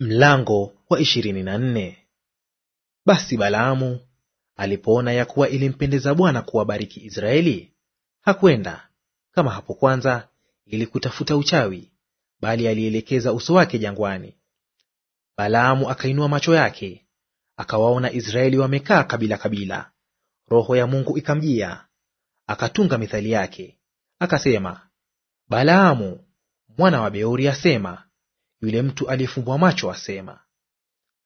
Mlango wa ishirini na nne. Basi Balaamu alipoona ya kuwa ilimpendeza Bwana kuwabariki Israeli, hakwenda kama hapo kwanza ili kutafuta uchawi, bali alielekeza uso wake jangwani. Balaamu akainua macho yake, akawaona Israeli wamekaa kabila kabila. Roho ya Mungu ikamjia, akatunga mithali yake, akasema, Balaamu mwana wa Beori asema, yule mtu aliyefumbwa macho asema.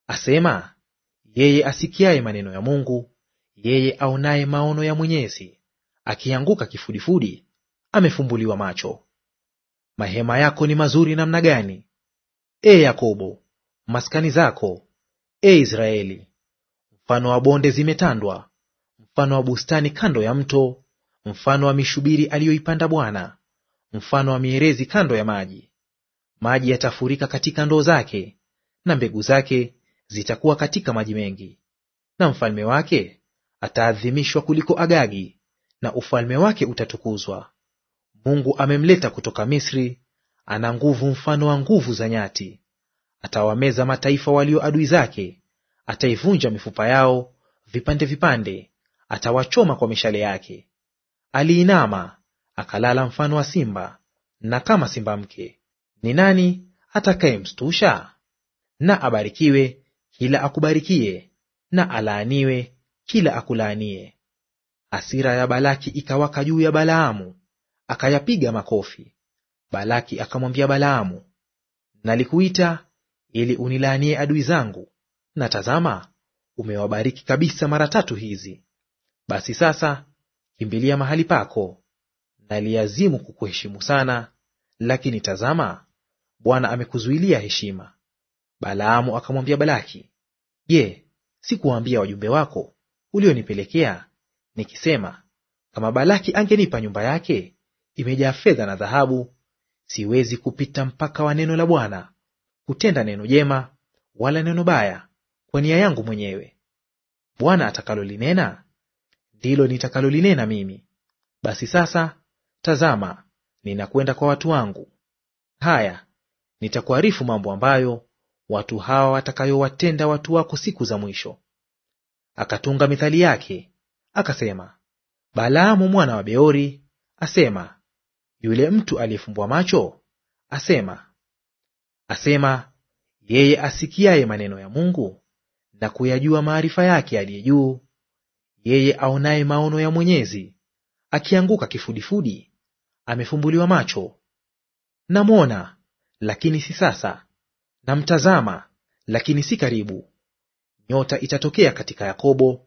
Asema yeye asikiaye maneno ya Mungu, yeye aonaye maono ya Mwenyezi, akianguka kifudifudi, amefumbuliwa macho. Mahema yako ni mazuri namna gani, e Yakobo, maskani zako, e Israeli! Mfano wa bonde zimetandwa, mfano wa bustani kando ya mto, mfano wa mishubiri aliyoipanda Bwana, mfano wa mierezi kando ya maji maji yatafurika katika ndoo zake, na mbegu zake zitakuwa katika maji mengi. Na mfalme wake ataadhimishwa kuliko Agagi, na ufalme wake utatukuzwa. Mungu amemleta kutoka Misri, ana nguvu mfano wa nguvu za nyati. Atawameza mataifa walio adui zake, ataivunja mifupa yao vipande vipande, atawachoma kwa mishale yake. Aliinama akalala mfano wa simba, na kama simba mke ni nani atakayemstusha? Na abarikiwe kila akubarikie, na alaaniwe kila akulaanie. Hasira ya Balaki ikawaka juu ya Balaamu, akayapiga makofi. Balaki akamwambia Balaamu, nalikuita ili unilaanie adui zangu, na tazama, umewabariki kabisa mara tatu hizi. Basi sasa kimbilia mahali pako, naliazimu kukuheshimu sana, lakini tazama, Bwana amekuzuilia heshima. Balaamu akamwambia Balaki, Je, sikuwaambia wajumbe wako ulionipelekea nikisema, kama Balaki angenipa nyumba yake imejaa fedha na dhahabu, siwezi kupita mpaka wa neno la Bwana kutenda neno jema wala neno baya kwa nia yangu mwenyewe. Bwana atakalolinena ndilo nitakalolinena mimi. Basi sasa, tazama, ninakwenda kwa watu wangu. Haya, nitakuarifu mambo ambayo watu hawa watakayowatenda watu wako siku za mwisho. Akatunga mithali yake akasema, Balaamu mwana wa Beori asema, yule mtu aliyefumbwa macho asema, asema yeye asikiaye maneno ya Mungu na kuyajua maarifa yake aliye juu, yeye aonaye maono ya Mwenyezi, akianguka kifudifudi, amefumbuliwa macho, namwona lakini si sasa, namtazama, lakini si karibu. Nyota itatokea katika Yakobo,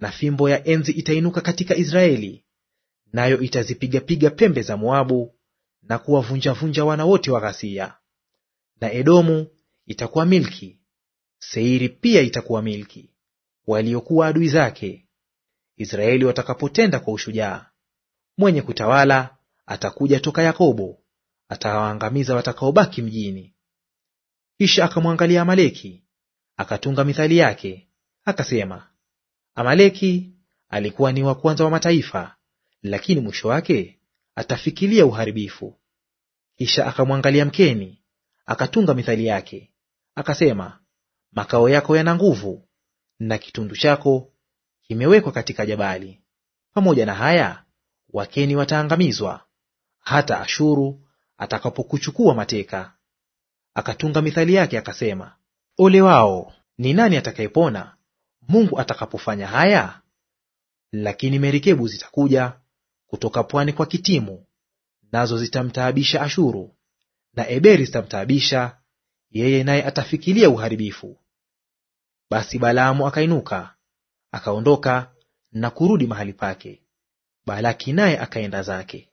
na fimbo ya enzi itainuka katika Israeli, nayo itazipigapiga pembe za Moabu na kuwavunjavunja wana wote wa ghasia. Na Edomu itakuwa milki, Seiri pia itakuwa milki, waliokuwa adui zake, Israeli watakapotenda kwa ushujaa. Mwenye kutawala atakuja toka Yakobo, atawaangamiza watakaobaki mjini. Kisha akamwangalia Amaleki, akatunga mithali yake, akasema, Amaleki alikuwa ni wa kwanza wa mataifa, lakini mwisho wake atafikilia uharibifu. Kisha akamwangalia Mkeni, akatunga mithali yake, akasema, makao yako yana nguvu na kitundu chako kimewekwa katika jabali. Pamoja na haya, Wakeni wataangamizwa, hata Ashuru atakapokuchukua mateka. Akatunga mithali yake akasema, ole wao! Ni nani atakayepona Mungu atakapofanya haya? Lakini merikebu zitakuja kutoka pwani kwa Kitimu, nazo zitamtaabisha Ashuru, na Eberi zitamtaabisha yeye, naye atafikilia uharibifu. Basi Balaamu akainuka akaondoka na kurudi mahali pake, Balaki naye akaenda zake.